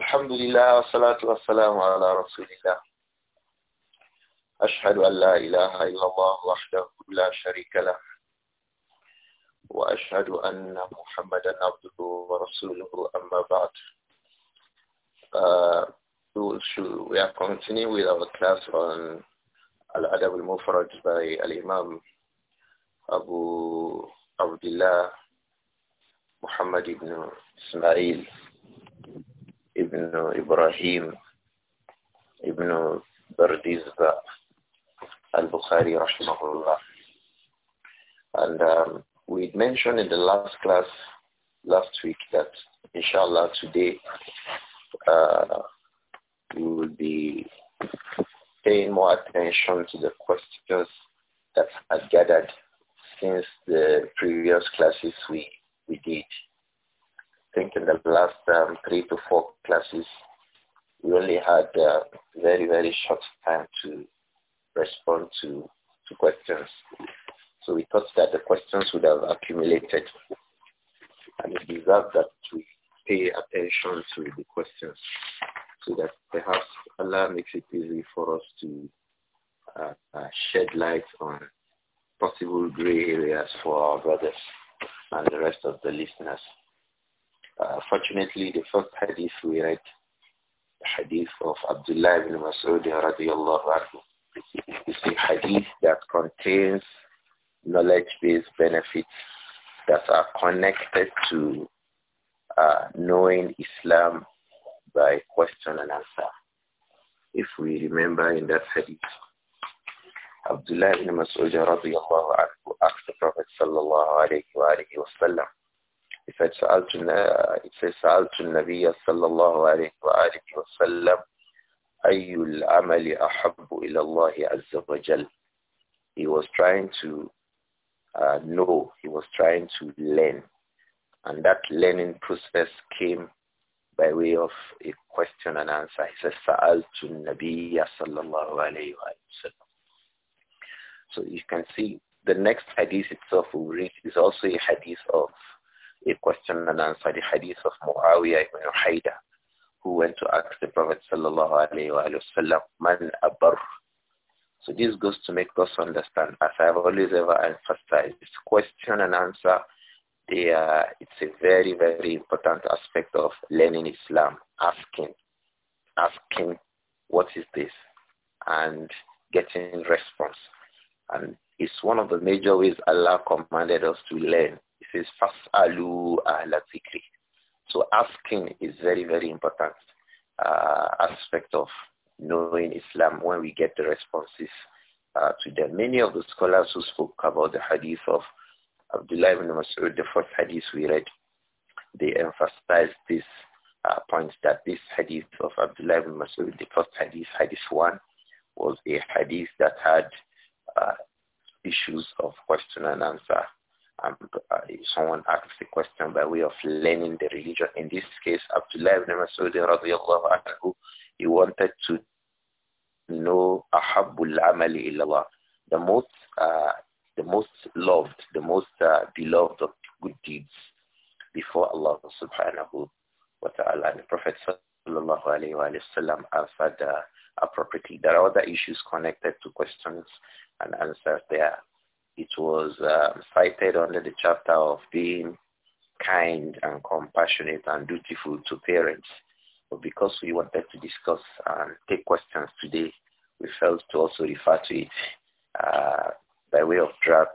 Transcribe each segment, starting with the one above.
الحمد لله والصلاة والسلام على رسول الله أشهد أن لا إله إلا الله وحده لا شريك له وأشهد أن محمدا عبده ورسوله أما بعد uh, we are continuing with our class on Al-Adab al-Mufrad by Al-Imam Abu Abdullah Muhammad ibn Ismail Ibn Ibrahim, Ibn Bardizba, Al-Bukhari, rahimahullah. And um, we mentioned in the last class last week that inshallah today uh, we will be paying more attention to the questions that had gathered since the previous classes we, we did think in the last um, three to four classes, we only had uh, very, very short time to respond to, to questions. So we thought that the questions would have accumulated. And it deserves that we pay attention to the questions so that perhaps Allah makes it easy for us to uh, uh, shed light on possible gray areas for our brothers and the rest of the listeners. Uh, fortunately, the first hadith we read, the hadith of Abdullah ibn Mas'ud radiallahu anhu, is a hadith that contains knowledge-based benefits that are connected to uh, knowing Islam by question and answer. If we remember in that hadith, Abdullah ibn Mas'ud radiallahu anhu asked the Prophet sallallahu alayhi wa sallam, he said, سألت it says, سألت النبي صلى الله عليه وآله وسلم أي العمل أحب إلى الله عز وجل. He was trying to uh, know, he was trying to learn. And that learning process came by way of a question and answer. He says, سألت النبي صلى الله عليه وآله وسلم. So you can see the next hadith itself we read is also a hadith of a question and answer the hadith of Muawiyah ibn Haida, who went to ask the Prophet sallallahu alayhi wa sallam, man abar. So this goes to make us understand, as I've always ever emphasized, question and answer, they are, it's a very, very important aspect of learning Islam, asking, asking, what is this? And getting response. And it's one of the major ways Allah commanded us to learn says, Fas'alu ahla zikri. So asking is very, very important uh, aspect of knowing Islam when we get the responses uh, to them. Many of the scholars who spoke about the hadith of Abdullah ibn Mas'ud, the first hadith we read, they emphasized this uh, point that this hadith of Abdullah ibn Mas'ud, the first hadith, hadith 1, was a hadith that had uh, issues of question and answer um, uh, someone asks a question by way of learning the religion. In this case, Abdullah ibn Masud anhu, he wanted to know ahabbul amali illallah, the most, uh, the most loved, the most uh, beloved of good deeds before Allah subhanahu wa ta'ala. And the Prophet sallallahu alayhi wa sallam answered uh, appropriately. There are other issues connected to questions and answers there it was um, cited under the chapter of being kind and compassionate and dutiful to parents. But because we wanted to discuss and take questions today, we felt to also refer to it uh, by way of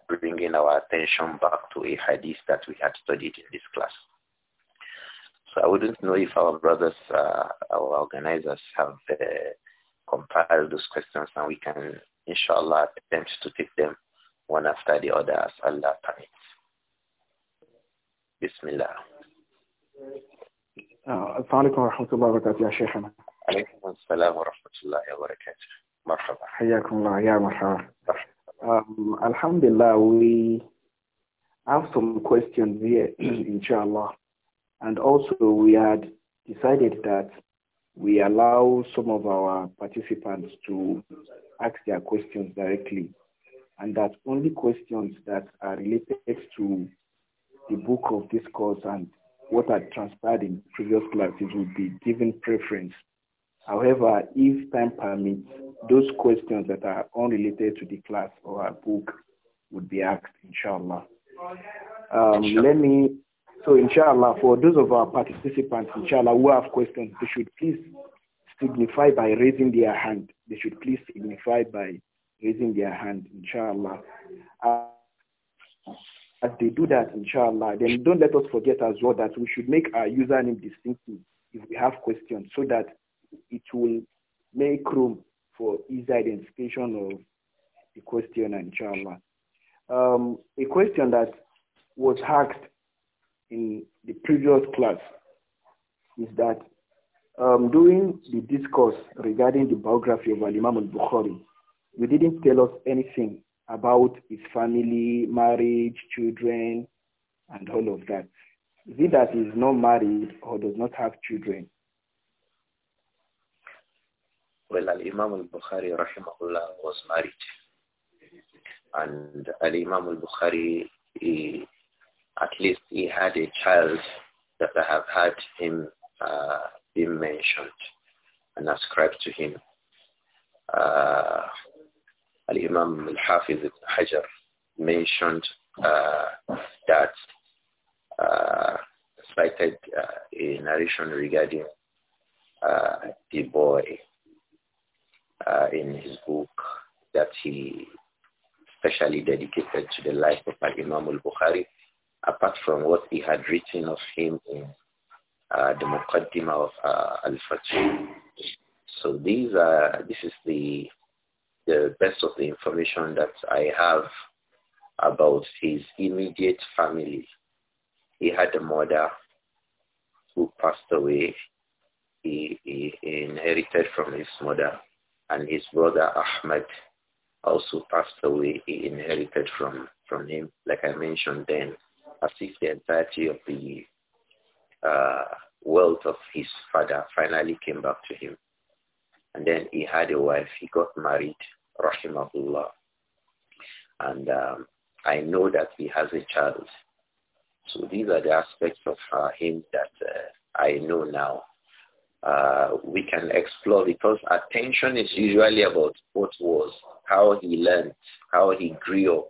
bringing our attention back to a hadith that we had studied in this class. So I wouldn't know if our brothers, uh, our organizers have uh, compiled those questions and we can, inshallah, attempt to take them one after the other as Allah permits. Bismillah. Uh, Assalamualaikum, عليكم ورحمة الله وبركاته يا شيخنا. عليكم السلام ورحمة الله وبركاته. مرحبا. حياكم الله يا مرحبا. Um, Alhamdulillah, we have some questions here, inshallah. And also we had decided that we allow some of our participants to ask their questions directly and that only questions that are related to the book of this course and what had transpired in previous classes will be given preference. However, if time permits, those questions that are unrelated to the class or our book would be asked, inshallah. Um, let me, so inshallah, for those of our participants, inshallah, who have questions, they should please signify by raising their hand. They should please signify by raising their hand, inshallah. Uh, as they do that, inshallah, then don't let us forget as well that we should make our username distinctive if we have questions so that it will make room for easy identification of the question, inshallah. Um, a question that was asked in the previous class is that um, during the discourse regarding the biography of Al-Imam al-Bukhari, you didn't tell us anything about his family, marriage, children, and all of that. Is it that he's not married or does not have children? Well, Al-Imam al-Bukhari rahimahullah was married. And Al-Imam al-Bukhari, he, at least he had a child that I have had him uh, being mentioned and ascribed to him. Uh, Al-Imam Al-Hafiz Ibn Hajar mentioned uh, that uh, cited uh, a narration regarding uh, the boy uh, in his book that he specially dedicated to the life of Imam al-Bukhari, apart from what he had written of him in uh, the Muqaddimah of uh, Al-Fatih. So these are, this is the the best of the information that I have about his immediate family. He had a mother who passed away. He, he, inherited from his mother and his brother Ahmed also passed away. He inherited from, from him, like I mentioned then, as if the entirety of the uh, wealth of his father finally came back to him. And then he had a wife. He got married rahimahullah. And um, I know that he has a child. So these are the aspects of uh, him that uh, I know now. Uh, we can explore because attention is usually about what was, how he learned, how he grew up,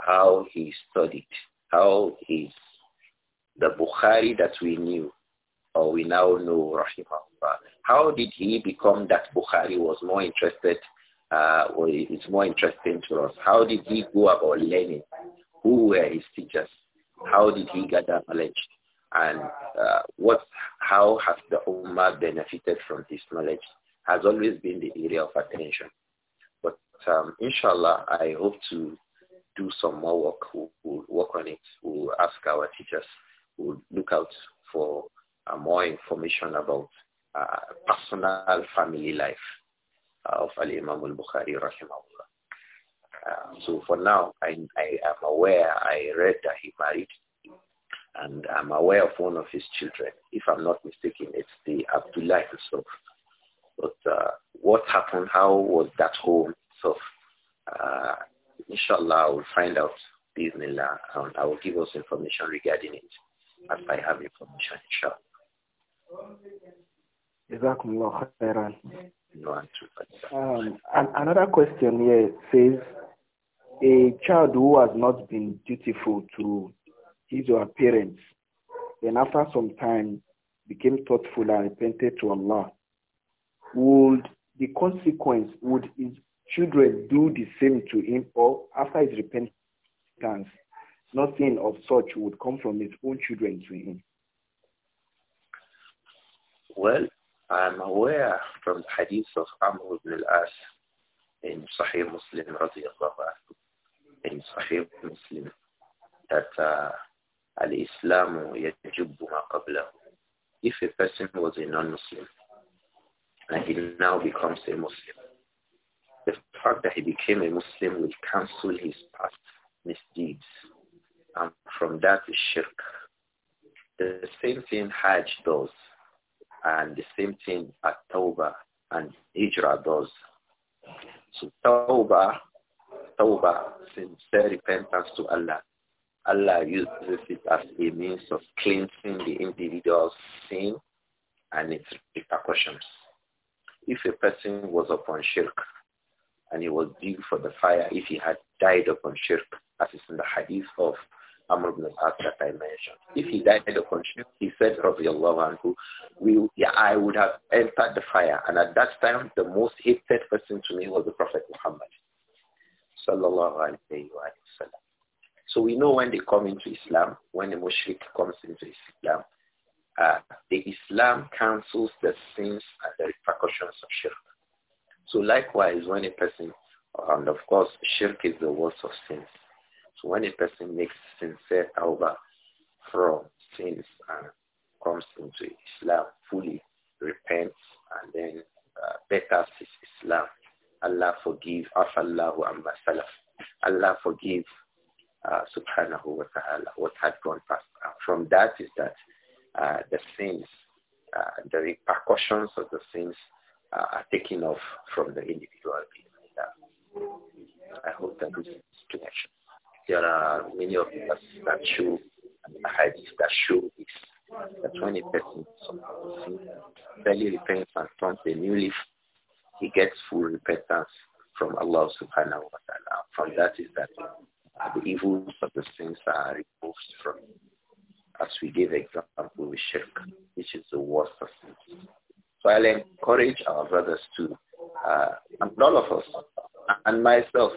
how he studied, how his, the Bukhari that we knew or we now know, Rahimahullah, how did he become that Bukhari was more interested uh, well, it's more interesting to us. How did he go about learning? Who were his teachers? How did he gather knowledge? And uh, what, how has the Ummah benefited from this knowledge has always been the area of attention. But um, inshallah, I hope to do some more work. We'll, we'll work on it. We'll ask our teachers. We'll look out for uh, more information about uh, personal family life of Al-Imam al-Bukhari rahimahullah. Um, so for now, I, I am aware, I read that he married, and I'm aware of one of his children. If I'm not mistaken, it's the Abdullah himself. But uh, what happened, how was that home? So uh, inshallah, I will find out Bismillah, and I will give us information regarding it as I have information, inshallah no Um, another question here says, a child who has not been dutiful to his or her parents, then after some time became thoughtful and repented to Allah, would the consequence, would his children do the same to him or after his repentance, nothing of such would come from his own children to him? Well, I'm aware from the hadith of Amr ibn al-As in Sahih Muslim in Sahih Muslim that uh, al-Islamu yajubbu If a person was a non-Muslim and he now becomes a Muslim, the fact that he became a Muslim will cancel his past misdeeds. And from that is shirk. The same thing Hajj does. And the same thing at and Hijrah does. So Tawbah, Tawbah, sincere repentance to Allah. Allah uses it as a means of cleansing the individual's sin and its repercussions. If a person was upon shirk and he was due for the fire if he had died upon shirk, as is in the hadith of Amr ibn al that I mentioned. If he died of conscience, he said, Radiallahu anhu, we, yeah, I would have entered the fire. And at that time, the most hated person to me was the Prophet Muhammad. Sallallahu alayhi wa sallam. So we know when they come into Islam, when a mushrik comes into Islam, uh, the Islam cancels the sins and the repercussions of shirk. So likewise, when a person, and of course, shirk is the worst of sins. So when a person makes sincere tawbah from sins and comes into Islam fully, repents and then uh, betters his Islam, Allah forgive afallahu amma salaf. Allah forgive uh, subhanahu wa ta'ala what had gone past. And from that is that uh, the sins, uh, the repercussions of the sins uh, are taken off from the individual. I hope that is there are many of us that show and hadith that show this. That when a person fairly repents and turns a new leaf, he gets full repentance from Allah subhanahu wa ta'ala. From that is that the evils of the sins are removed from as we gave example with shirk, which is the worst of sins. So I'll encourage our brothers to, uh, and all of us, and myself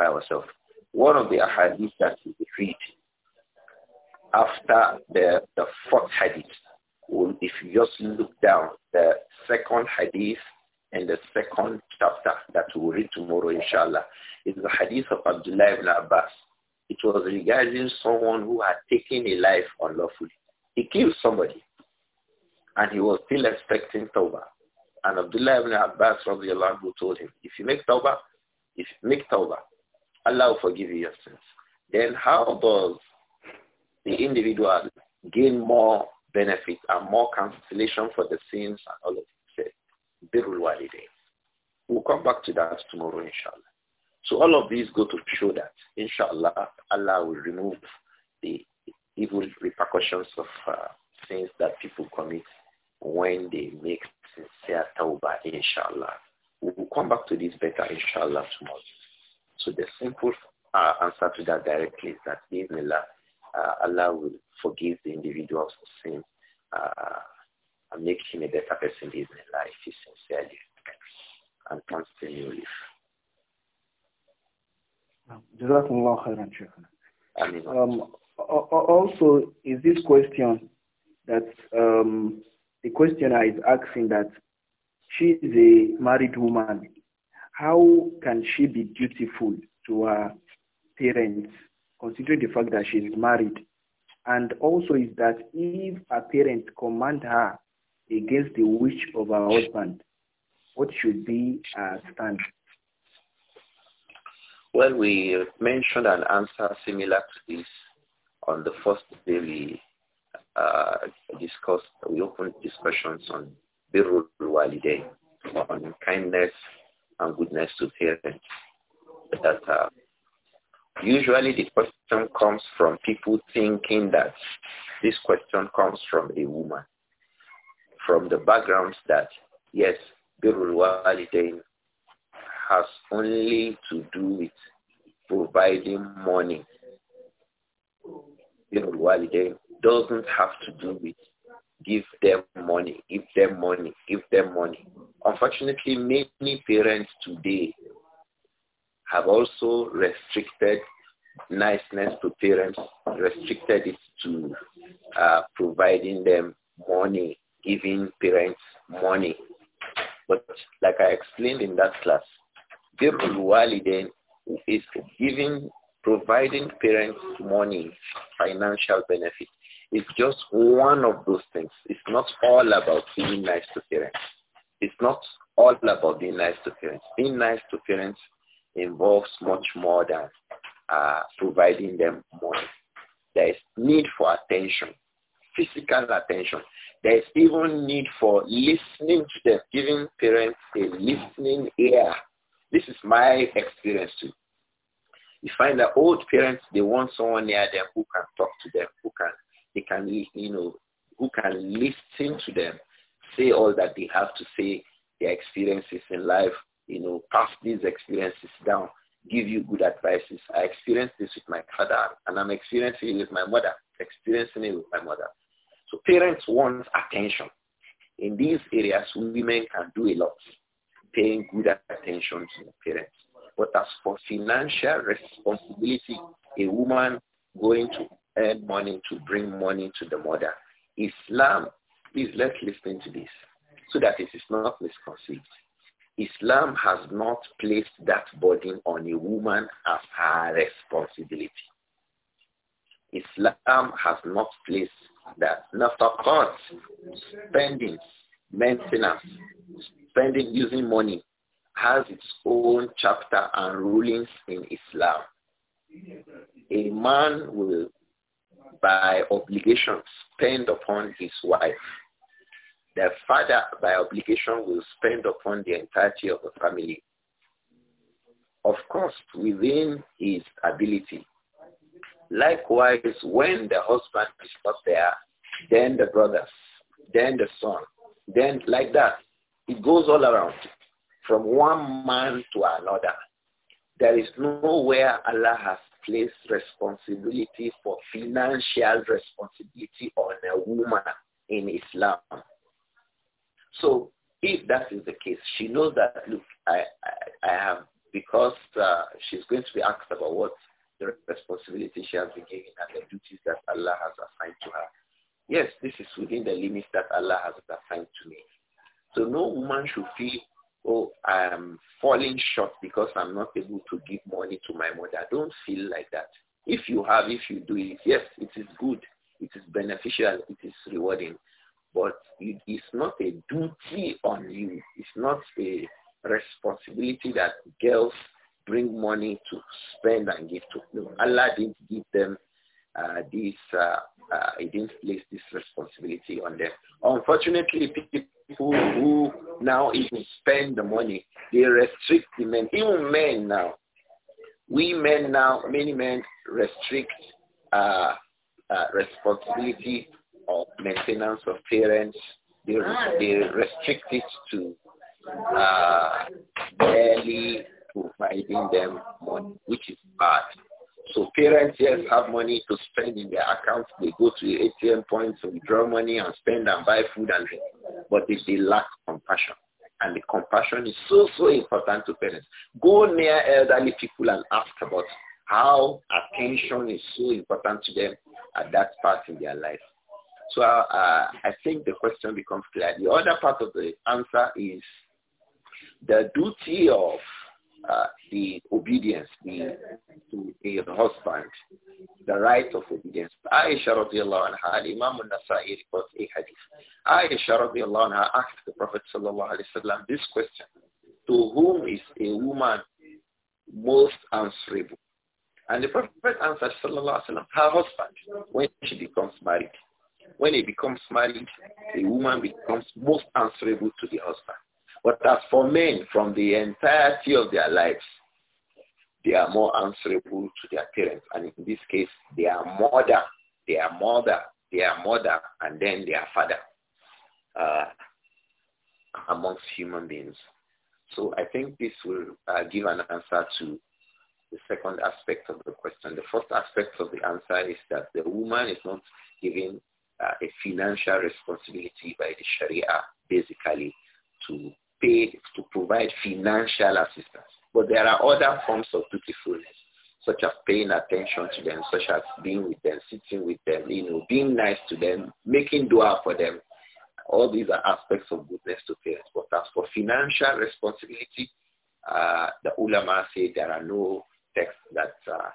ourselves. One of the hadiths that we read after the, the fourth hadith, well, if you just look down, the second hadith in the second chapter that we will read tomorrow, inshallah, is the hadith of Abdullah ibn Abbas. It was regarding someone who had taken a life unlawfully. He killed somebody, and he was still expecting Tawbah. And Abdullah ibn Abbas radiallahu told him, if you make Tawbah, How does the individual gain more benefit and more cancellation for the sins and all of it? Birrul We'll come back to that tomorrow, inshallah. So all of these go to show that, inshallah, Allah will remove the evil repercussions of uh, sins that people commit when they make sincere tawbah, inshallah. We'll come back to this better, inshallah, tomorrow. So the simple uh, answer to that directly is that in the uh, Allah will forgive the individual's sins uh, and make him a better person in if he sincerely and continually. Jazakumullah khairan, Sheikh. Um, also, is this question that um, the questioner is asking that she is a married woman. How can she be dutiful to her parents, considering the fact that she is married, and also is that if a parent command her against the wish of her husband, what should be her stand? Well, we mentioned an answer similar to this on the first day we uh, discussed, we opened discussions on birul Waliday, on kindness and goodness to parents that Usually the question comes from people thinking that this question comes from a woman, from the background that, yes, Birul has only to do with providing money. Birul doesn't have to do with give them money, give them money, give them money. Unfortunately, many parents today have also restricted niceness to parents, restricted it to uh, providing them money, giving parents money. But like I explained in that class, Birrul Waliden is giving, providing parents money, financial benefit. It's just one of those things. It's not all about being nice to parents. It's not all about being nice to parents. Being nice to parents involves much more than uh, providing them money. There is need for attention, physical attention. There is even need for listening to them, giving parents a listening ear. This is my experience too. You find that old parents, they want someone near them who can talk to them, who can, they can, you know, who can listen to them, say all that they have to say, their experiences in life, you know, pass these experiences down, give you good advices. I experienced this with my father, and I'm experiencing it with my mother, experiencing it with my mother. So parents want attention. In these areas, women can do a lot, paying good attention to the parents. But as for financial responsibility, a woman going to earn money to bring money to the mother, Islam, please let's listen to this so that it is not misconceived. Islam has not placed that burden on a woman as her responsibility. Islam has not placed that nafaqat, spending, maintenance, spending using money has its own chapter and rulings in Islam. A man will by obligation spend upon his wife the father by obligation will spend upon the entirety of the family. Of course, within his ability. Likewise, when the husband is not there, then the brothers, then the son, then like that. It goes all around from one man to another. There is nowhere Allah has placed responsibility for financial responsibility on a woman in Islam. So if that is the case, she knows that, look, I, I, I have, because uh, she's going to be asked about what the responsibility she has been given and the duties that Allah has assigned to her. Yes, this is within the limits that Allah has assigned to me. So no woman should feel, oh, I'm falling short because I'm not able to give money to my mother. Don't feel like that. If you have, if you do it, yes, it is good. It is beneficial. It is rewarding. But it's not a duty on you. It's not a responsibility that girls bring money to spend and give to. No, Allah didn't give them uh, this, uh, uh, he didn't place this responsibility on them. Unfortunately, people who now even spend the money, they restrict the men, even men now. We men now, many men restrict uh, uh responsibility maintenance of parents, they, ah, they restrict it to uh, barely providing them money, which is bad. So parents just have money to spend in their accounts. They go to the ATM points and draw money and spend and buy food and drink. But if they lack compassion, and the compassion is so, so important to parents. Go near elderly people and ask about how attention is so important to them at that part in their life. So uh, I think the question becomes clear. The other part of the answer is the duty of uh, the obedience the, to a husband, the right of obedience. Aisha radiallahu anha, Imam al-Nasai reports a hadith. Aisha radiallahu anha asked the Prophet sallallahu alayhi wa this question. To whom is a woman most answerable? And the Prophet answered sallallahu alayhi wa her husband, when she becomes married. When he becomes married, the woman becomes most answerable to the husband. But as for men, from the entirety of their lives, they are more answerable to their parents. And in this case, their mother, their mother, their mother, and then their father uh, amongst human beings. So I think this will uh, give an answer to the second aspect of the question. The first aspect of the answer is that the woman is not given uh, a financial responsibility by the Sharia, basically, to pay, to provide financial assistance. But there are other forms of dutifulness, such as paying attention to them, such as being with them, sitting with them, you know, being nice to them, making dua for them. All these are aspects of goodness to parents. But as for financial responsibility, uh, the ulama say there are no texts that uh,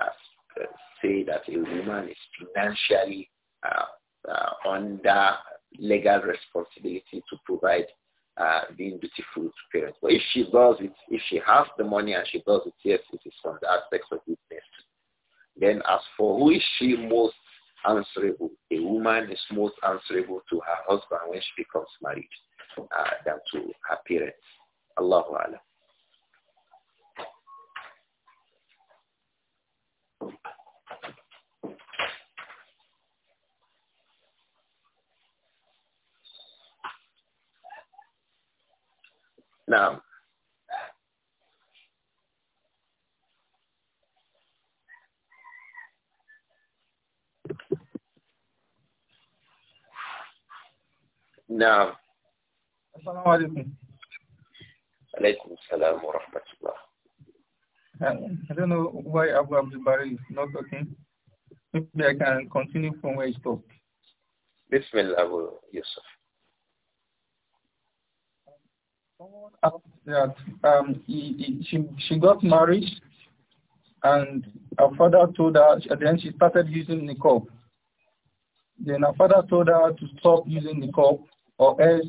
uh say that a woman is financially uh, uh, under legal responsibility to provide uh, being dutiful to parents. But if she does it, if she has the money and she does it, yes, it is from the aspects of goodness. Then as for who is she most answerable? A woman is most answerable to her husband when she becomes married uh, than to her parents. Allahu Alam. Now, نعم السلام عليكم عليكم السلام ورحمة الله I don't know why Abu is not talking. Maybe I can continue from where he stopped. Bismillah, Yusuf someone asked that um, he, he, she, she got married and her father told her, then she started using the cup. Then her father told her to stop using the cup or else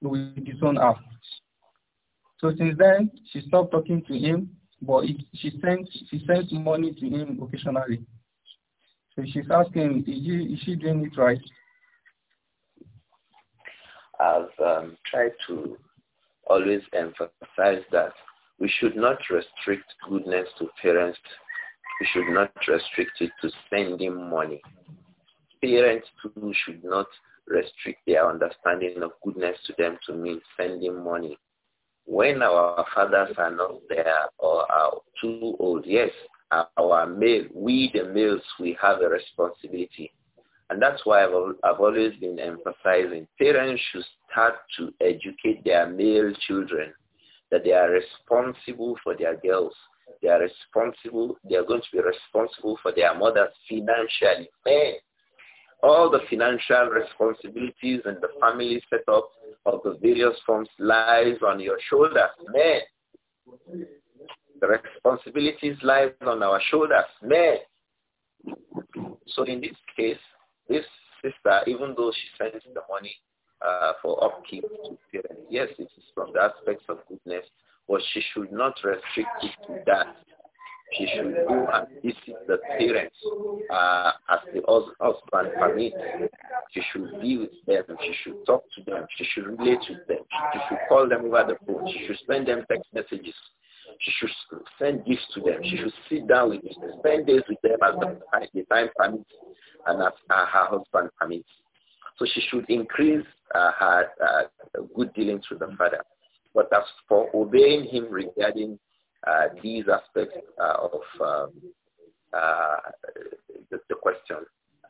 he will disown her. So since then, she stopped talking to him, but it, she sends she sends money to him occasionally. So she's asking, is she, is she doing it right? I've um, tried to always emphasize that we should not restrict goodness to parents. We should not restrict it to spending money. Parents too should not restrict their understanding of goodness to them to mean spending money. When our fathers are not there or are too old, yes, our male, we the males, we have a responsibility. And that's why I've, I've always been emphasizing parents should start to educate their male children that they are responsible for their girls. They are responsible. They are going to be responsible for their mothers financially. Man, all the financial responsibilities and the family setup of the various forms lies on your shoulders. Man, the responsibilities lies on our shoulders. Man. So in this case, this sister, even though she sends the money, uh, for upkeep to parents. Yes, it is from the aspects of goodness, but she should not restrict it to that. She should go and visit the parents uh, as the husband permits. She should be with them. She should talk to them. She should relate with them. She should call them over the phone. She should send them text messages. She should send gifts to them. She should sit down with them, spend days with them as the, as the time permits and as uh, her husband permits. So she should increase uh, her uh, good dealings with the mm-hmm. father. But as for obeying him regarding uh, these aspects uh, of um, uh, the, the, question,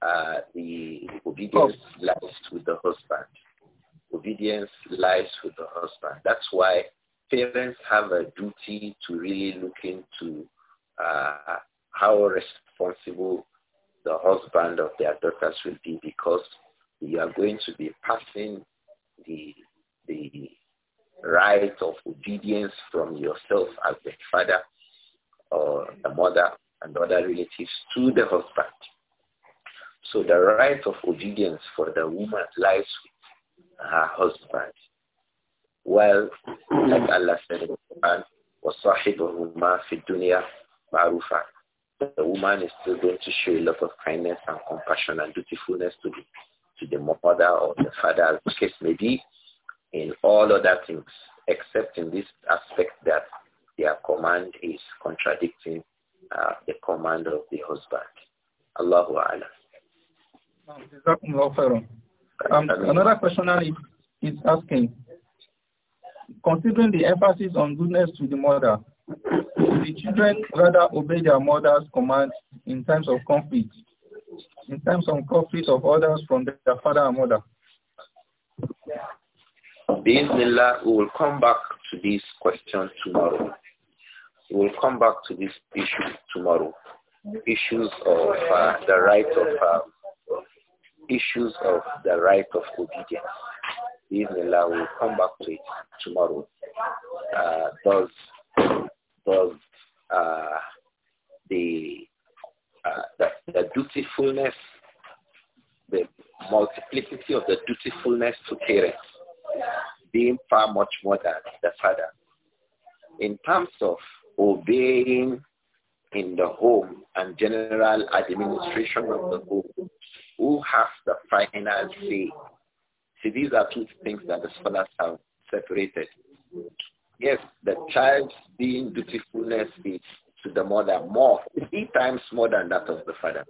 uh, the obedience lies with the husband. Obedience lies with the husband. That's why parents have a duty to really look into how responsible the husband of their daughters will be because you are going to be passing the, the right of obedience from yourself as the father or the mother and other relatives to the husband. So the right of obedience for the woman lies with her husband. Well, like Allah said the The woman is still going to show a lot of kindness and compassion and dutifulness to the to the mother or the father, as the case may be, in all other things, except in this aspect that their command is contradicting uh, the command of the husband. Allahu A'lam. Um, another questioner is, is asking, considering the emphasis on goodness to the mother, the children rather obey their mother's commands in times of conflict in terms of conflicts of others from their father and mother? Bismillah, we will come back to this question tomorrow. We will come back to this issue tomorrow. Issues of uh, the right of uh, issues of the right of obedience. Bismillah, we will come back to it tomorrow. Uh, does does uh, the uh, the dutifulness, the multiplicity of the dutifulness to parents being far much more than the father. In terms of obeying in the home and general administration of the home, who has the final say? See, these are two things that the scholars have separated. Yes, the child's being dutifulness is to the mother more, three times more than that of the father.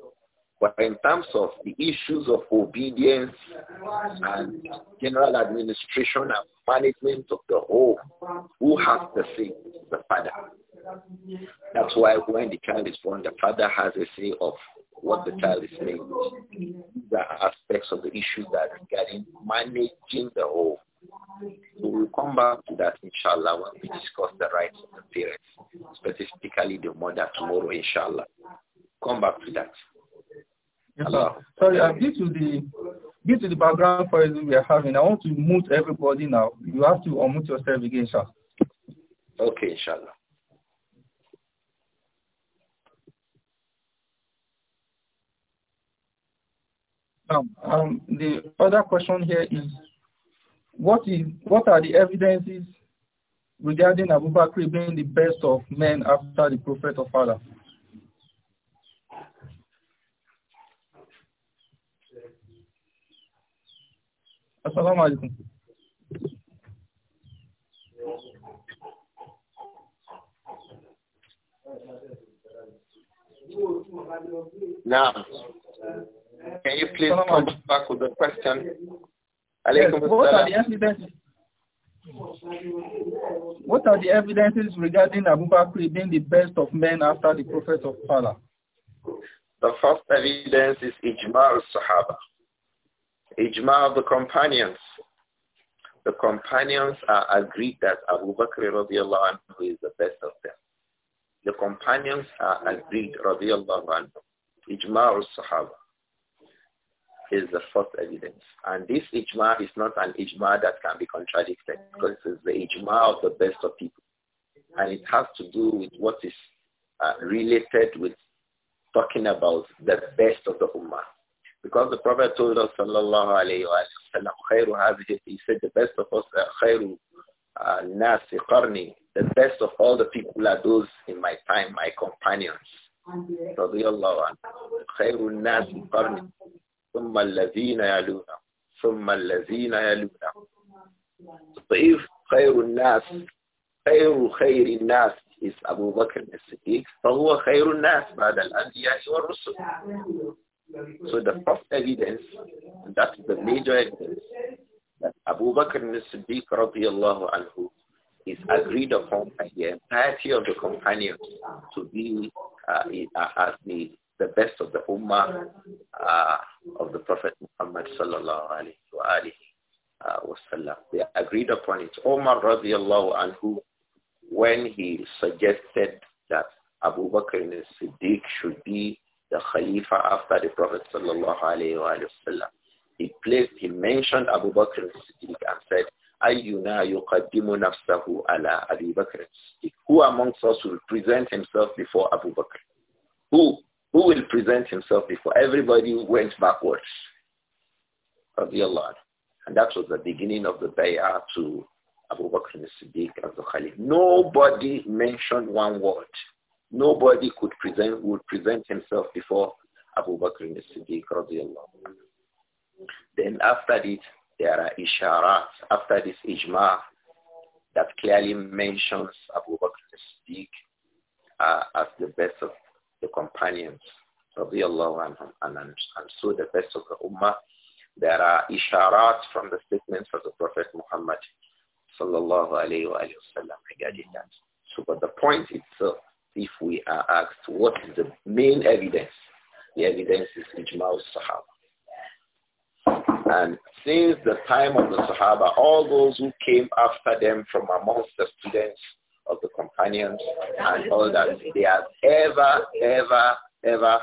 But in terms of the issues of obedience and general administration and management of the home, who has the say? The father. That's why when the child is born, the father has a say of what the child is named. These are aspects of the issue that regarding managing the home. So we'll come back to that, inshallah, when we discuss the rights of the parents, specifically the mother tomorrow, inshallah. Come back to that. Yes, Sorry, uh, due to the due to the background noise we are having, I want to mute everybody now. You have to unmute yourself again, sir. Okay, inshallah. Um, um, the other question here is what is what are the evidences regarding Abu Bakr being the best of men after the Prophet of Allah? Assalamu alaikum. Now, can you please come back with the question? yes, what are the evidences? What are the evidences regarding Abu Bakr being the best of men after the Prophet of Allah? The first evidence is Ijma' al-Sahaba. Ijma of the companions. The companions are agreed that Abu Bakr radiallahu anhu is the best of them. The companions are agreed radiallahu anhu. Ijma' al-Sahaba is the first evidence. And this ijma is not an ijma that can be contradicted because it's the ijma of the best of people. And it has to do with what is uh, related with talking about the best of the ummah. Because the Prophet told us, sallallahu alayhi wa sallam, khairu hadith, he said the best of us, uh, khairu uh, nasi qarni, the best of all the people are those in my time, my companions. Radiallahu anhu. Khairu nasi qarni. ثم الذين يلونه ثم الذين يلونه So if خير الناس خير خير الناس is أبو بكر الصديق فهو خير الناس بعد الأنبياء والرسل So the first evidence, that's that the major evidence, that Abu Bakr al-Siddiq radiallahu anhu is agreed upon by the entirety of the companions to be uh, as the the best of the ummah uh, of the Prophet Muhammad sallallahu alayhi wa alihi uh, wasallam. They agreed upon it. Omar radiallahu anhu, when he suggested that Abu Bakr and Siddiq should be the Khalifa after the Prophet sallallahu alayhi wa sallam, he placed, he mentioned Abu Bakr and Siddiq and said, أينا يقدم نفسه على أبي بكر Who amongst us will present himself before Abu Bakr? Who who will present himself before? Everybody went backwards. And that was the beginning of the bay'ah to Abu Bakr as-Siddiq as the Nobody mentioned one word. Nobody could present, would present himself before Abu Bakr as-Siddiq radiallahu Then after this, there are isharat, after this ijma, that clearly mentions Abu Bakr as-Siddiq uh, as the best of the companions of Allah and, and, and so the best of the Ummah. There are isharat from the statements of the Prophet Muhammad sallallahu alayhi wa sallam regarding that. So, but the point itself, if we are asked what is the main evidence, the evidence is ijma' sahaba. And since the time of the Sahaba, all those who came after them from amongst the students of the companions and all that, they have ever, ever, ever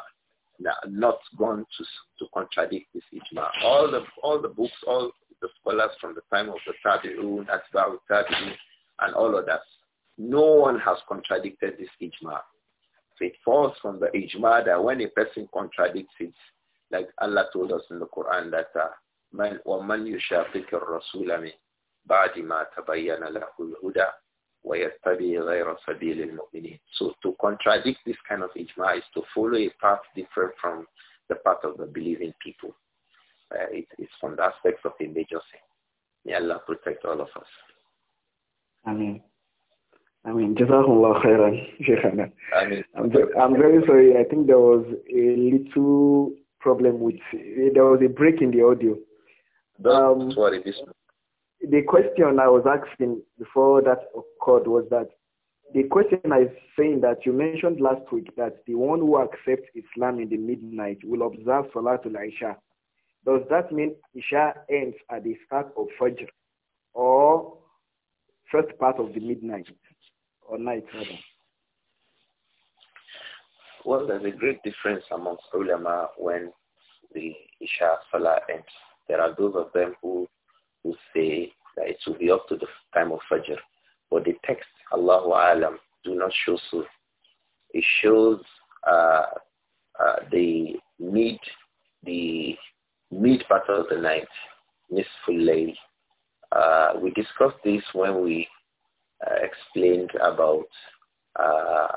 not gone to, to contradict this ijma. All the, all the books, all the scholars from the time of the Tabi'un, Atba'u Tabi'un, and all of that. no one has contradicted this ijma. So it falls from the ijma that when a person contradicts it, like Allah told us in the Quran that uh, وَمَنْ يُشَافِكَ الرَّسُولَ مِنْ بَعْدِ مَا تَبَيَّنَ لَهُ الْهُدَى so to contradict this kind of ijma is to follow a path different from the path of the believing people. Uh, it, it's from the aspects of the major sin. May Allah protect all of us. Amen. I mean, Jazakumullah khairan, Sheikh Ahmed. I'm, I'm very sorry. I think there was a little problem with, there was a break in the audio. Don't um, worry, this the question I was asking before that occurred was that the question I'm saying that you mentioned last week that the one who accepts Islam in the midnight will observe Salatul Isha. Does that mean Isha ends at the start of Fajr or first part of the midnight or night rather? Well, there's a great difference amongst ulama when the Isha Salah ends. There are those of them who who say that it will be up to the time of Fajr. But the text, Allahu Alam, do not show so. It shows uh, uh, the mid, the mid part of the night, Nisful Layl. Uh, we discussed this when we uh, explained about uh,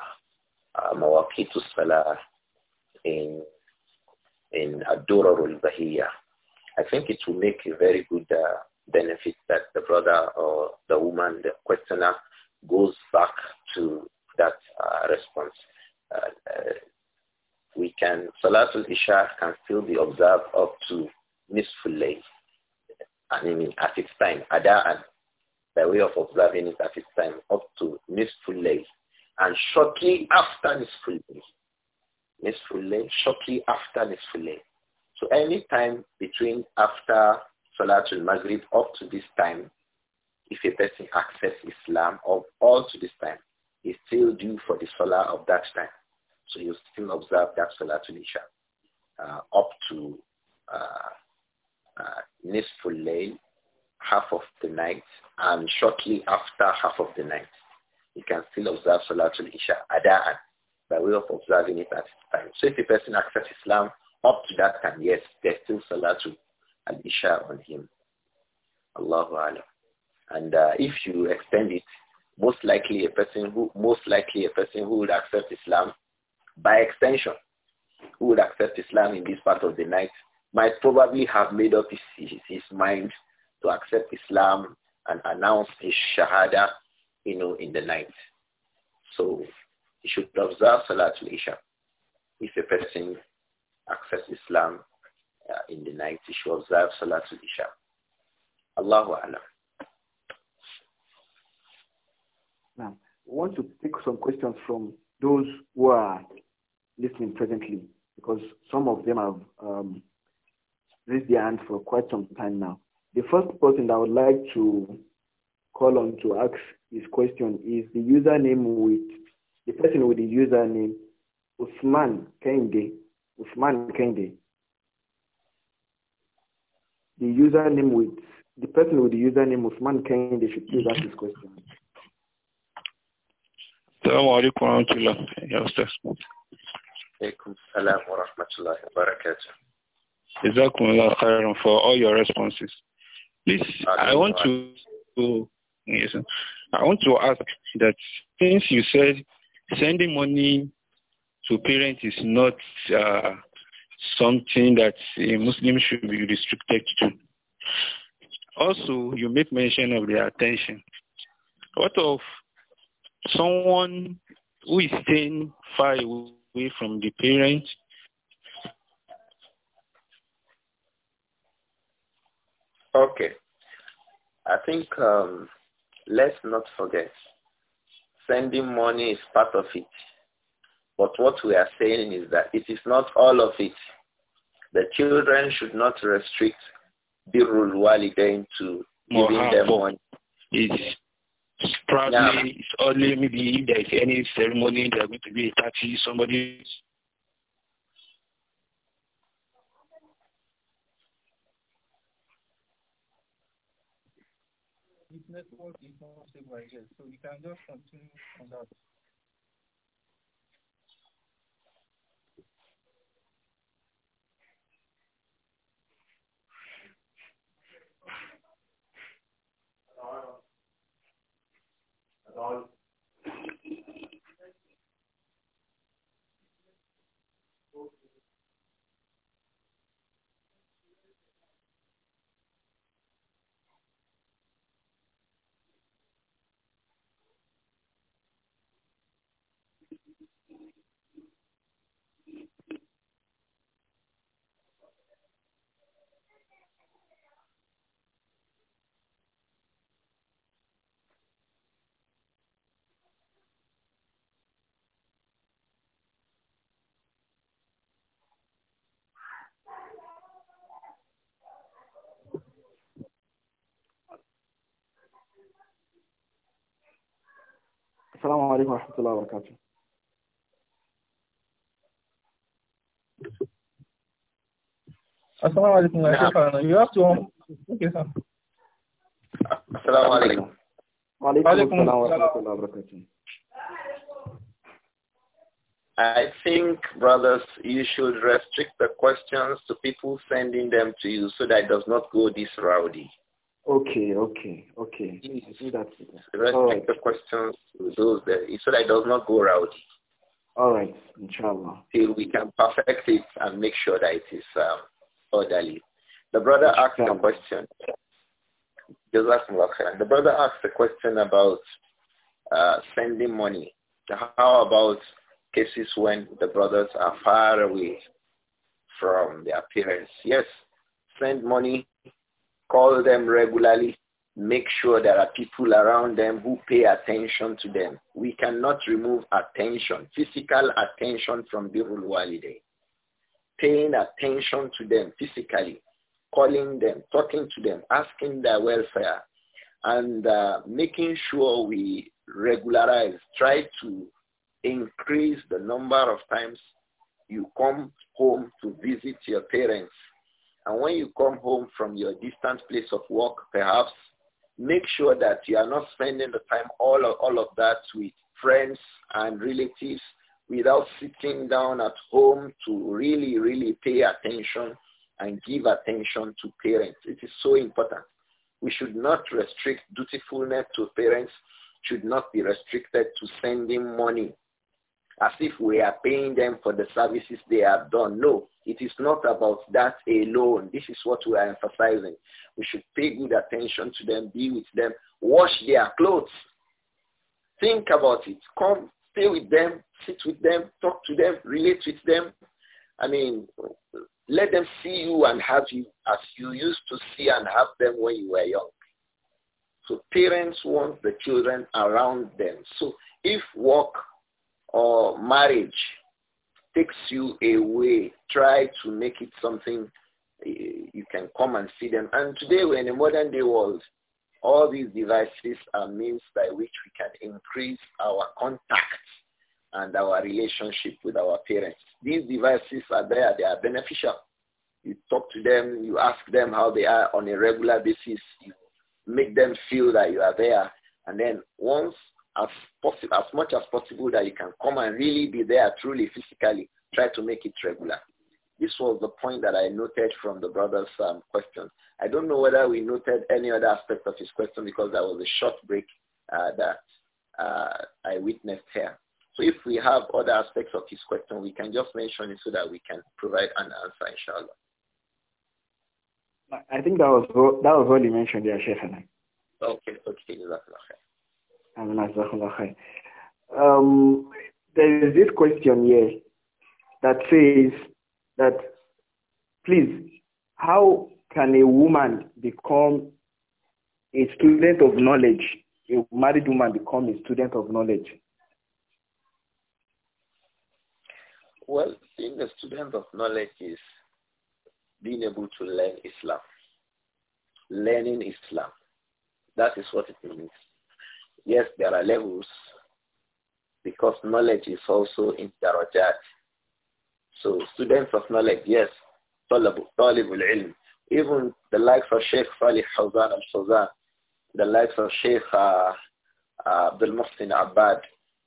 uh, Salah in in Adurarul Bahiyya. I think it will make a very good uh, benefits that the brother or the woman, the questioner, goes back to that uh, response. Uh, uh, we can, Salatul Isha can still be observed up to Nisful Layl, I mean at its time, Ada'an, by way of observing it at its time, up to Nisful Layl, and shortly after Nisful Layl. Nisful Layl, shortly after Nisful Layl. So any time between after Salatul Maghrib up to this time, if a person accepts Islam or all to this time, is still due for the Salah of that time. So you still observe that Salatul Isha uh, up to uh, uh, Nisful Layl, half of the night, and shortly after half of the night. You can still observe Salatul Isha Ada'an by way of observing it at time. So if a person accepts Islam up to that time, yes, there's still Salatul al-isha on him. Allahu alam. And uh, if you extend it, most likely a person who most likely a person who would accept Islam by extension, who would accept Islam in this part of the night, might probably have made up his, his, his mind to accept Islam and announce his shahada, you know, in the night. So he should observe Salatul Isha if a person accepts Islam uh, in the night, you should observe Salatul Isha. Allahu Alam. Now, we want to take some questions from those who are listening presently, because some of them have um, raised their hand for quite some time now. The first person that I would like to call on to ask his question is the username with the person with the username Usman Kende. Usman Kende the username with the person with the username Usman Ken, they should please ask this question. Assalamu alaikum wa rahmatullah. Alaikum salam wa for all your responses. Please, I want to, to yes, I want to ask that since you said sending money to parents is not uh, something that a Muslim should be restricted to. Also, you make mention of the attention. What of someone who is staying far away from the parents? Okay. I think um, let's not forget sending money is part of it. But what we are saying is that it is not all of it. The children should not restrict the birrul walidain to giving oh, them money. It's probably yeah. it's only maybe if there is any ceremony there going to be a to somebody network is not stable, I guess. So we can just continue on that. That's all. السلام عليكم ورحمة الله وبركاته السلام عليكم يا السلام عليكم وعليكم السلام الله وبركاته I think, brothers, you should restrict the questions to people sending them to you so that it does not go this rowdy. Okay, okay, okay. that. Let's All right. the questions to those there, so that it does not go rowdy. All right, inshallah. Till we can perfect it and make sure that it is um, orderly. The brother asked a question. The brother asked a question about uh, sending money. How about cases when the brothers are far away from their parents? Yes, send money Call them regularly. Make sure there are people around them who pay attention to them. We cannot remove attention, physical attention from Birul Waliday. Paying attention to them physically, calling them, talking to them, asking their welfare, and uh, making sure we regularize, try to increase the number of times you come home to visit your parents and when you come home from your distant place of work, perhaps, make sure that you are not spending the time all of, all of that with friends and relatives without sitting down at home to really, really pay attention and give attention to parents. It is so important. We should not restrict dutifulness to parents, should not be restricted to sending money as if we are paying them for the services they have done. No, it is not about that alone. This is what we are emphasizing. We should pay good attention to them, be with them, wash their clothes. Think about it. Come, stay with them, sit with them, talk to them, relate with them. I mean, let them see you and have you as you used to see and have them when you were young. So parents want the children around them. So if work or marriage takes you away, try to make it something eh, you can come and see them. And today we're in a modern day world. All these devices are means by which we can increase our contact and our relationship with our parents. These devices are there. They are beneficial. You talk to them. You ask them how they are on a regular basis. You make them feel that you are there. And then once as possible, as much as possible that you can come and really be there truly physically. Try to make it regular. This was the point that I noted from the brother's um, question. I don't know whether we noted any other aspect of his question because there was a short break uh, that uh, I witnessed here. So if we have other aspects of his question, we can just mention it so that we can provide an answer, inshallah. I think that was that was what you mentioned there, Sheikh. Okay, okay, um, there is this question here that says that, please, how can a woman become a student of knowledge? A married woman become a student of knowledge? Well, being a student of knowledge is being able to learn Islam. Learning Islam. That is what it means Yes, there are levels because knowledge is also in darajat. So students of knowledge, yes, talibul ilm. Even the likes of Sheikh Salih Hawzan al-Shawzan, the likes of Sheikh uh, uh, Abdul Muhsin Abad,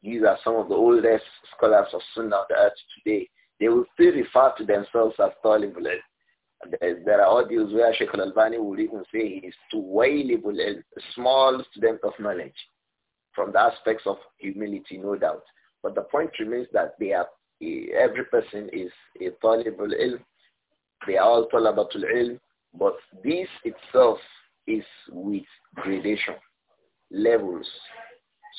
these are some of the oldest scholars of Sunnah on the earth today. They will still refer to themselves as talibul ilm. There are audios where Sheikh al-Albani would even say he is tuwailibul ilm, small student of knowledge from the aspects of humility, no doubt. But the point remains that they are, every person is a talibul ilm. They are all talabatul ilm. But this itself is with gradation, levels.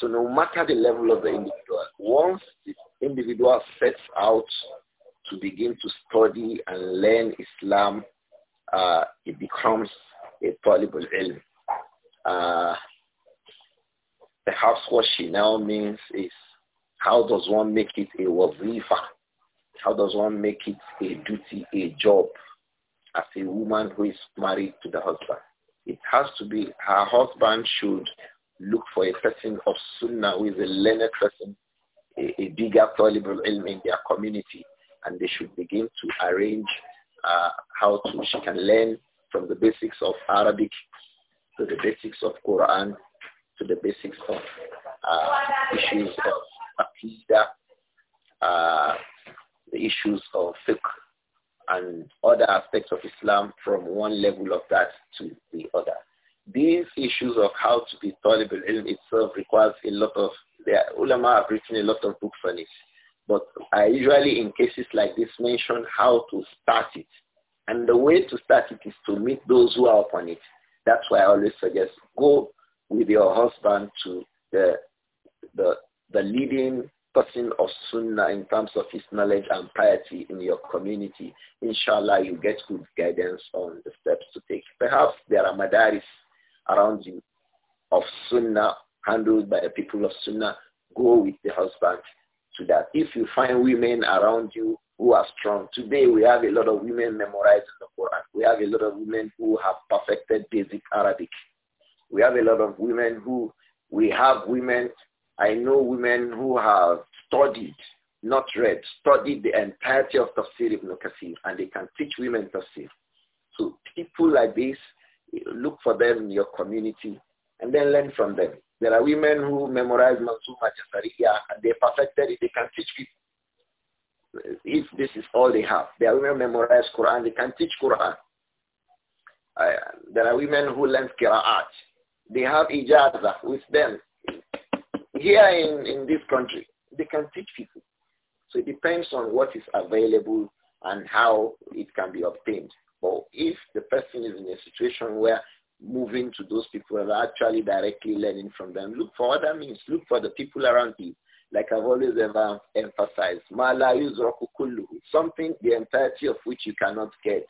So no matter the level of the individual, once the individual sets out to begin to study and learn Islam, uh, it becomes a talibul ilm. Uh, Perhaps what she now means is how does one make it a wazifa? How does one make it a duty, a job as a woman who is married to the husband? It has to be her husband should look for a person of sunnah who is a learned person, a, a bigger tolerable ilm in their community, and they should begin to arrange uh, how to, she can learn from the basics of Arabic to the basics of Quran to the basics of uh, issues of Aqidah, uh, the issues of fiqh and other aspects of Islam from one level of that to the other. These issues of how to be tolerable in itself requires a lot of, the ulama have written a lot of books on it. But I usually, in cases like this, mention how to start it. And the way to start it is to meet those who are upon it. That's why I always suggest go with your husband to the, the, the leading person of Sunnah in terms of his knowledge and piety in your community, inshallah you get good guidance on the steps to take. Perhaps there are madaris around you of Sunnah handled by the people of Sunnah. Go with the husband to that. If you find women around you who are strong, today we have a lot of women memorizing the Quran. We have a lot of women who have perfected basic Arabic we have a lot of women who, we have women, I know women who have studied, not read, studied the entirety of Tafsir Ibn Kathir, and they can teach women Tafsir. So people like this, look for them in your community and then learn from them. There are women who memorize Mansuma Jasariya and they perfected it. They can teach people. If this is all they have, there are women who memorize Quran. They can teach Quran. Uh, there are women who learn Qira'at. They have ijaza with them. Here in, in this country, they can teach people. So it depends on what is available and how it can be obtained. But if the person is in a situation where moving to those people are actually directly learning from them, look for other means. Look for the people around you. Like I've always ever emphasized, ma la something the entirety of which you cannot get.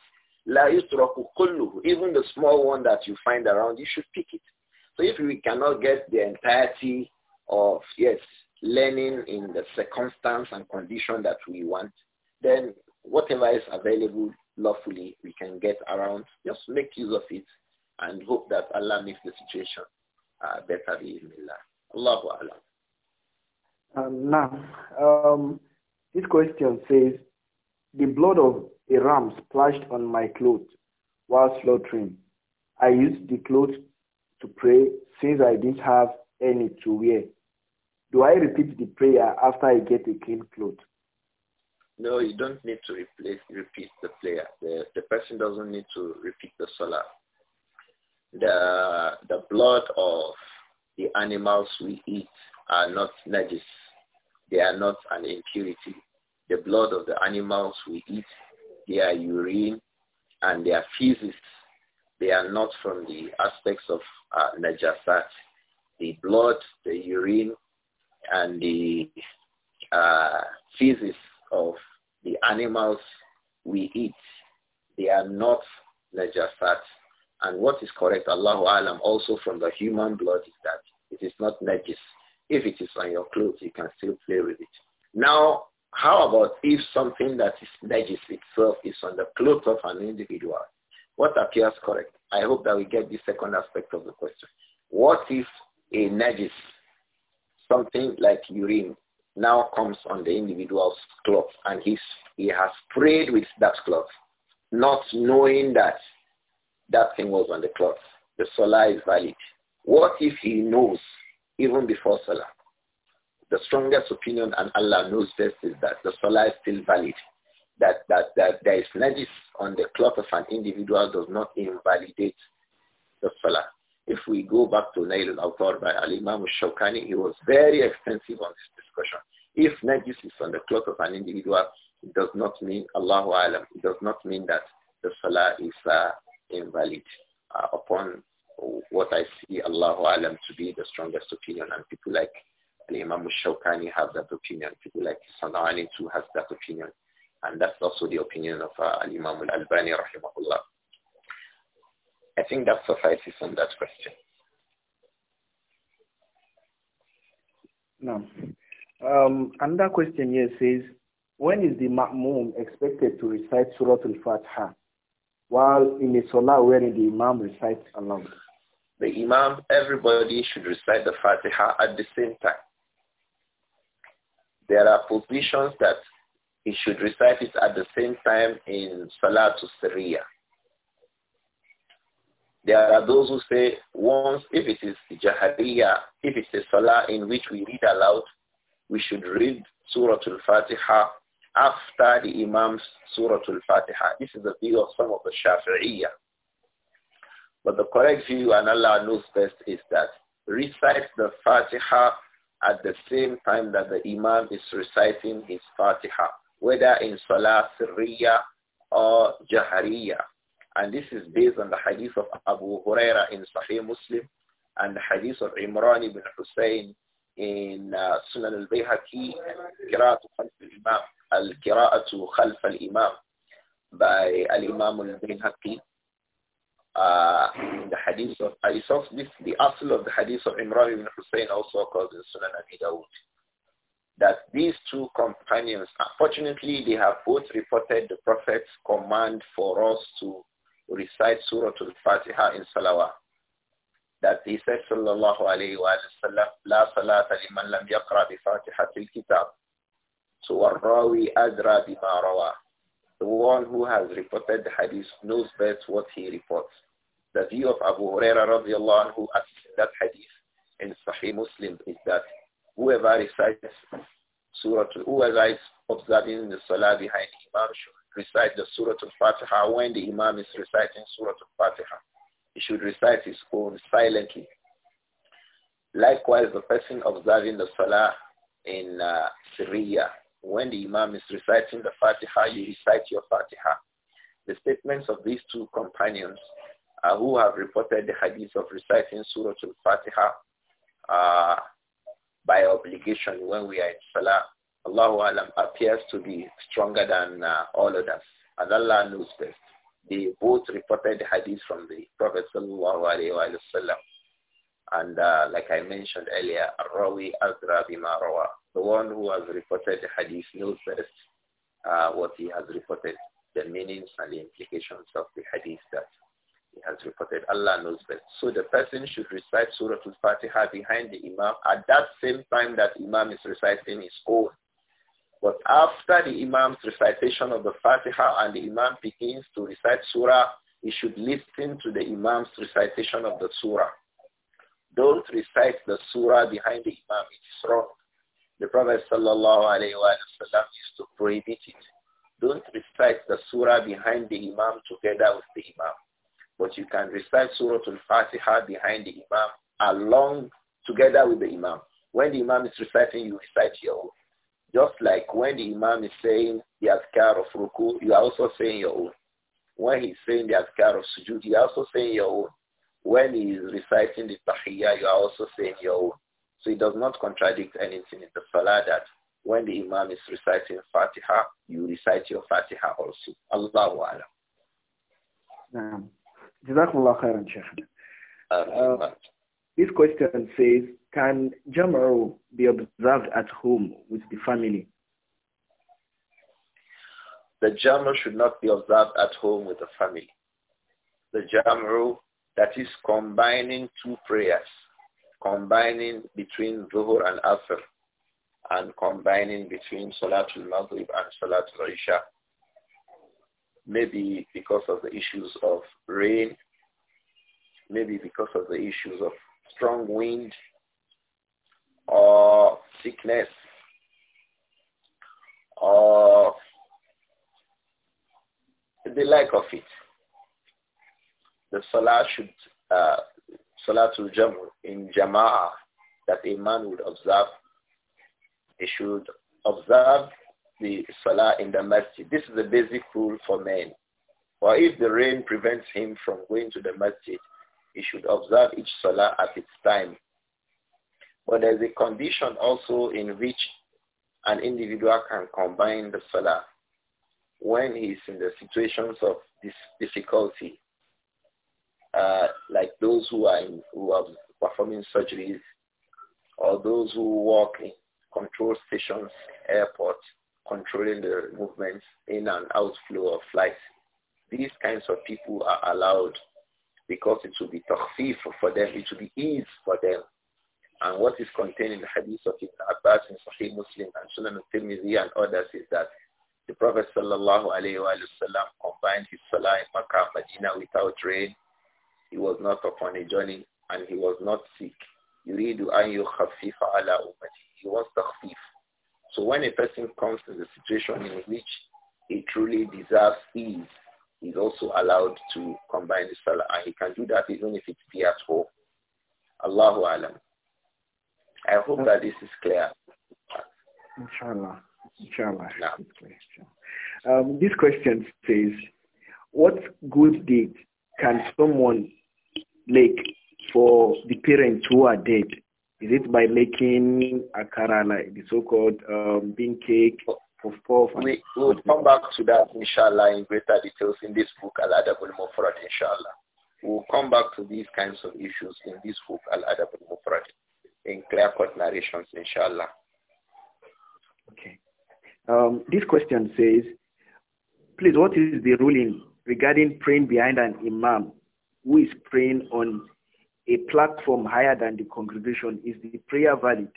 La even the small one that you find around, you should pick it. So if we cannot get the entirety of, yes, learning in the circumstance and condition that we want, then whatever is available lawfully, we can get around. Just make use of it and hope that Allah makes the situation uh, better. Allahu Alam. Um, now, um, this question says, the blood of a ram splashed on my clothes while slaughtering. I used the clothes to pray since I didn't have any to wear? Do I repeat the prayer after I get a clean cloth? No, you don't need to replace, repeat the prayer. The, the person doesn't need to repeat the salah. The, the blood of the animals we eat are not najis. They are not an impurity. The blood of the animals we eat, their urine and their feces they are not from the aspects of uh, najasat. The blood, the urine, and the uh, feces of the animals we eat, they are not najasat. And what is correct, Allahu Alam, also from the human blood is that it is not najis. If it is on your clothes, you can still play with it. Now, how about if something that is najis itself is on the clothes of an individual? What appears correct? I hope that we get the second aspect of the question. What if a najis, something like urine, now comes on the individual's cloth and he's, he has prayed with that cloth, not knowing that that thing was on the cloth. The salah is valid. What if he knows even before salah? The strongest opinion, and Allah knows this, is that the salah is still valid that, that, that there is najis on the cloth of an individual does not invalidate the salah. If we go back to Nail al by Al-Imam Shawkani, he was very extensive on this discussion. If najis is on the cloth of an individual, it does not mean, Allahu Alam, it does not mean that the salah is uh, invalid uh, upon what I see, Allahu Alam, to be the strongest opinion. And people like Imam Shawkani have that opinion. People like Sanani too has that opinion. And that's also the opinion of uh, Al-Imam Al-Albani, rahimahullah. I think that suffices on that question. No. Um, another question here says, when is the ma'mum expected to recite Surah Al-Fatiha while in the salah where the imam recites along? The imam, everybody should recite the Fatiha at the same time. There are positions that he should recite it at the same time in Salatul Sariya. There are those who say once, if it is Jahariya, if it's a Salah in which we read aloud, we should read Surah Al-Fatiha after the Imam's Surah Al-Fatiha. This is the view of some of the Shafi'iyah. But the correct view, and Allah knows best, is that recite the Fatiha at the same time that the Imam is reciting his Fatiha whether in Salah Sirriya or Jahariya. And this is based on the hadith of Abu Huraira in Sahih Muslim and the hadith of Imran ibn Hussein in uh, Sunan al-Bayhaqi, Qira'atu Khalf al-Imam, Al-Qira'atu Khalf al-Imam by Al-Imam al-Bayhaqi. Uh, the hadith of, uh, I saw this, the asl of the hadith of Imran ibn Hussein also occurs in Sunan al Dawud that these two companions, unfortunately, they have both reported the Prophet's command for us to recite Surah Al-Fatiha in Salawah. That he said, Sallallahu Alaihi Wasallam, La salata liman lam yaqra bi Fatihatil Kitab. So, Rawi adra bima rawa. The one who has reported the hadith knows best what he reports. The view of Abu Huraira radiallahu anhu at that hadith in Sahih Muslim is that Whoever recites Surah, whoever is observing the Salah behind the Imam should recite the Surah Al-Fatiha when the Imam is reciting Surah Al-Fatiha. He should recite his own silently. Likewise, the person observing the Salah in uh, Syria, when the Imam is reciting the Fatiha, you recite your Fatiha. The statements of these two companions uh, who have reported the hadith of reciting Surah Al-Fatiha uh, by obligation when we are in Salah, Allahu Alam appears to be stronger than uh, all others. And Allah knows best. They both reported hadith from the Prophet Sallallahu Alaihi Wasallam. And uh, like I mentioned earlier, Rawi Azra Bima The one who has reported the hadith knows best uh, what he has reported, the meanings and the implications of the hadith that has reported. Allah knows best. So the person should recite Surah Al-Fatiha behind the Imam at that same time that Imam is reciting his own. But after the Imam's recitation of the Fatiha and the Imam begins to recite Surah, he should listen to the Imam's recitation of the Surah. Don't recite the Surah behind the Imam. It is wrong. The Prophet sallallahu alayhi used to prohibit it. Don't recite the Surah behind the Imam together with the Imam but you can recite Surah Al-Fatiha behind the Imam along together with the Imam. When the Imam is reciting, you recite your own. Just like when the Imam is saying the Azkar of Ruku, you are also saying your own. When he's saying the Azkar of Sujud, you are also saying your own. When he is reciting the Tahiyya, you are also saying your own. So it does not contradict anything in the Salah that when the Imam is reciting Fatiha, you recite your Fatiha also. Allahu Alam. Jazakallah khairan, Sheikh. Uh, this question says, can Jam'u be observed at home with the family? The Jam'u should not be observed at home with the family. The Jam'u, that is combining two prayers, combining between Zuhur and Asr, and combining between Salatul Maghrib and Salatul Isha maybe because of the issues of rain, maybe because of the issues of strong wind or sickness or the like of it. The salah should, uh, salatul Jamal in jama'ah that a man would observe, he should observe the salah in the masjid. This is the basic rule for men. Or if the rain prevents him from going to the masjid, he should observe each salah at its time. But there's a condition also in which an individual can combine the salah when he's in the situations of this difficulty, uh, like those who are, in, who are performing surgeries or those who work in control stations, airports, controlling the movements in and outflow of flights. These kinds of people are allowed because it will be taqfif for them, it will be ease for them. And what is contained in the hadith of Ibn Abbas and Sahih Muslim and Sunan al-Tirmidhi and others is that the Prophet sallallahu alayhi wa combined his salah in Makkah Medina without rain. He was not upon a journey and he was not sick. يريد أن يخفف على أمته. He wants تخفيف so when a person comes to the situation in which he truly deserves ease, he's also allowed to combine the salah. And he can do that even if it's here at home. Allahu Alam. I hope that this is clear. Inshallah. Inshallah. No. Um, this question says, what good deed can someone make for the parents who are dead is it by making akara, like the so-called um, bean cake, oh, puff? We will come back to that, inshallah, in greater details in this book, al adabul mufrad inshallah. We'll come back to these kinds of issues in this book, al adabul mufrad in clear-cut narrations, inshallah. Okay. Um, this question says, please, what is the ruling regarding praying behind an imam who is praying on a platform higher than the congregation, is the prayer valid?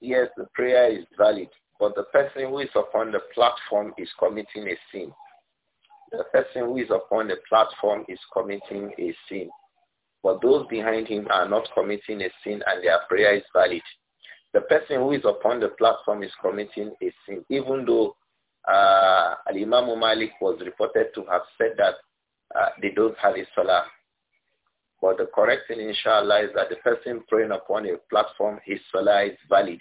Yes, the prayer is valid, but the person who is upon the platform is committing a sin. The person who is upon the platform is committing a sin. But those behind him are not committing a sin and their prayer is valid. The person who is upon the platform is committing a sin, even though uh, Al-Imam Malik was reported to have said that uh, they don't have a salah but the correct thing, inshallah, is that the person praying upon a platform, his salah is valid.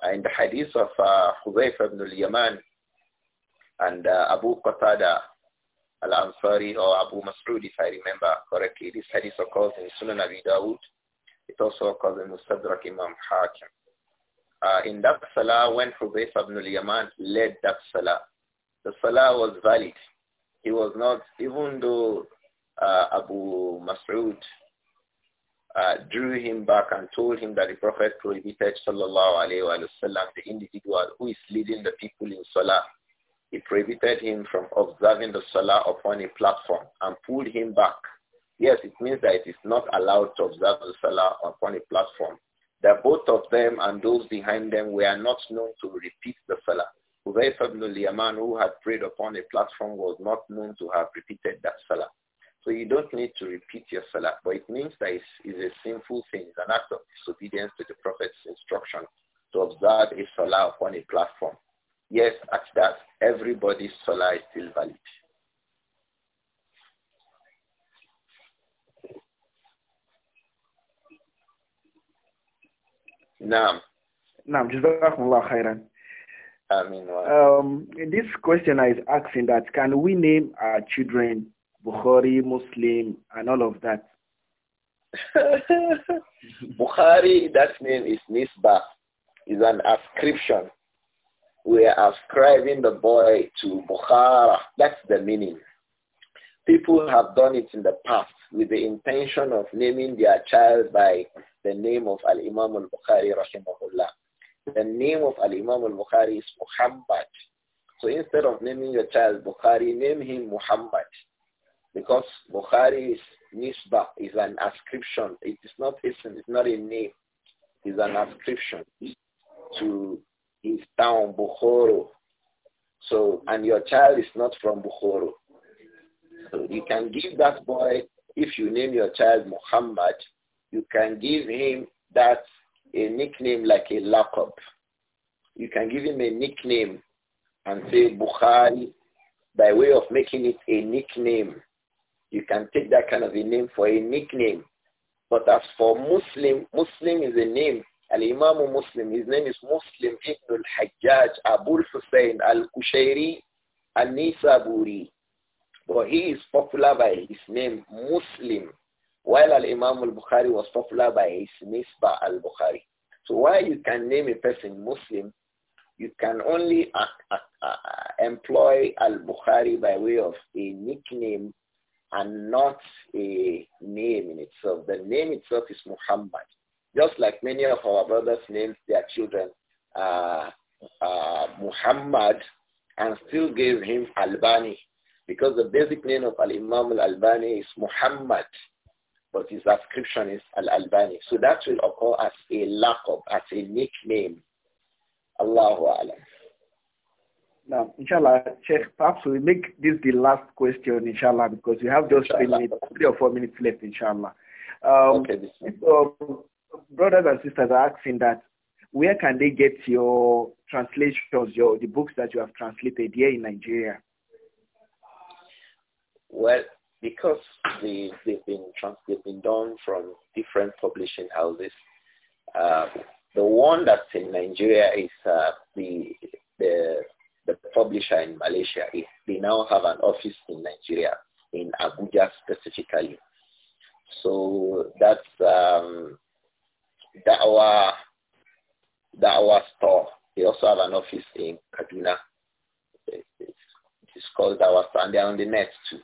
And the hadith of uh, ibn al-Yaman and uh, Abu Qatada al-Ansari or Abu Mas'ud, if I remember correctly, this hadith occurs in Sunan Abi Dawud. It also occurs in Mustadrak Imam Hakim. Uh, in that salah, when Huzayf ibn al-Yaman led that salah, the salah was valid. He was not, even though uh, Abu Mas'ud uh, drew him back and told him that the Prophet prohibited sallallahu alayhi wa sallam, the individual who is leading the people in salah. He prohibited him from observing the salah upon a platform and pulled him back. Yes, it means that it is not allowed to observe the salah upon a platform. That both of them and those behind them were not known to repeat the salah. Uzayf ibn al who had prayed upon a platform, was not known to have repeated that salah. So you don't need to repeat your salah, but it means that it's, it's a sinful thing. It's an act of disobedience to the Prophet's instruction to observe a salah upon a platform. Yes, at that, everybody's salah is still valid. Naam. Naam, jazakumullah khairan. Um, this questioner is asking that, can we name our children Bukhari, Muslim, and all of that. Bukhari, that name is Nisbah, is an ascription. We are ascribing the boy to Bukhara. That's the meaning. People have done it in the past with the intention of naming their child by the name of Al-Imam al-Bukhari, rahimahullah. The name of Al-Imam al-Bukhari is Muhammad. So instead of naming your child Bukhari, name him Muhammad because Bukhari is nisba, is an ascription. It is not ism, it's not a name. It's an ascription to his town, Bukhoro. So, and your child is not from Bukhoro. So you can give that boy, if you name your child Muhammad, you can give him that a nickname like a lockup. You can give him a nickname and say Bukhari by way of making it a nickname. You can take that kind of a name for a nickname. But as for Muslim, Muslim is a name. Al-Imam Muslim, his name is Muslim Ibn al-Hajjaj Abul Hussein al-Kushairi al-Nisaburi. But he is popular by his name Muslim, while al-Imam al-Bukhari was popular by his Nisba al-Bukhari. So while you can name a person Muslim, you can only uh, uh, uh, employ al-Bukhari by way of a nickname and not a name in itself. The name itself is Muhammad. Just like many of our brothers named their children uh, uh, Muhammad and still gave him Albani because the basic name of Al-Imam Al-Albani is Muhammad but his ascription is Al-Albani. So that will occur as a laqab, as a nickname. Allahu Alam. Now, inshallah, Sheikh, perhaps we make this the last question, inshallah, because we have just three minutes, three or four minutes left, inshallah. Um, okay. So, um, brothers and sisters are asking that where can they get your translations, your the books that you have translated here in Nigeria? Well, because they, they've been trans, they've been done from different publishing houses. Uh, the one that's in Nigeria is uh, the the the publisher in Malaysia. Is eh, they now have an office in Nigeria, in Abuja specifically. So that's um, that our store. They also have an office in Kaduna. It's, called our store, and they're on the net too.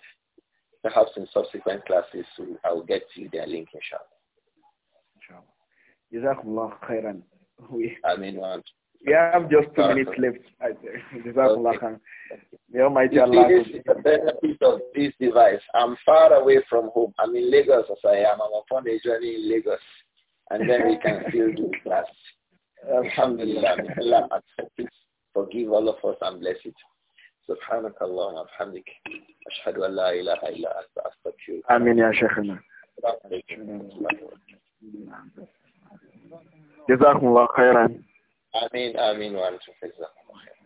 Perhaps in subsequent classes, I will get you their link, inshallah. Inshallah. Jazakumullah khairan. We, I mean, we have just two minutes left. Okay. The Almighty Allah. this is the benefit of this device. I'm far away from home. I'm in Lagos as I am. I'm upon a journey in Lagos. And then we can still do class. Alhamdulillah. Allah accept Forgive all of us and bless it. سبحانك اللهم وبحمدك أشهد أن لا إله إلا أنت أستغفرك آمين يا شيخنا جزاكم الله خيرا I mean, I mean, one I'm just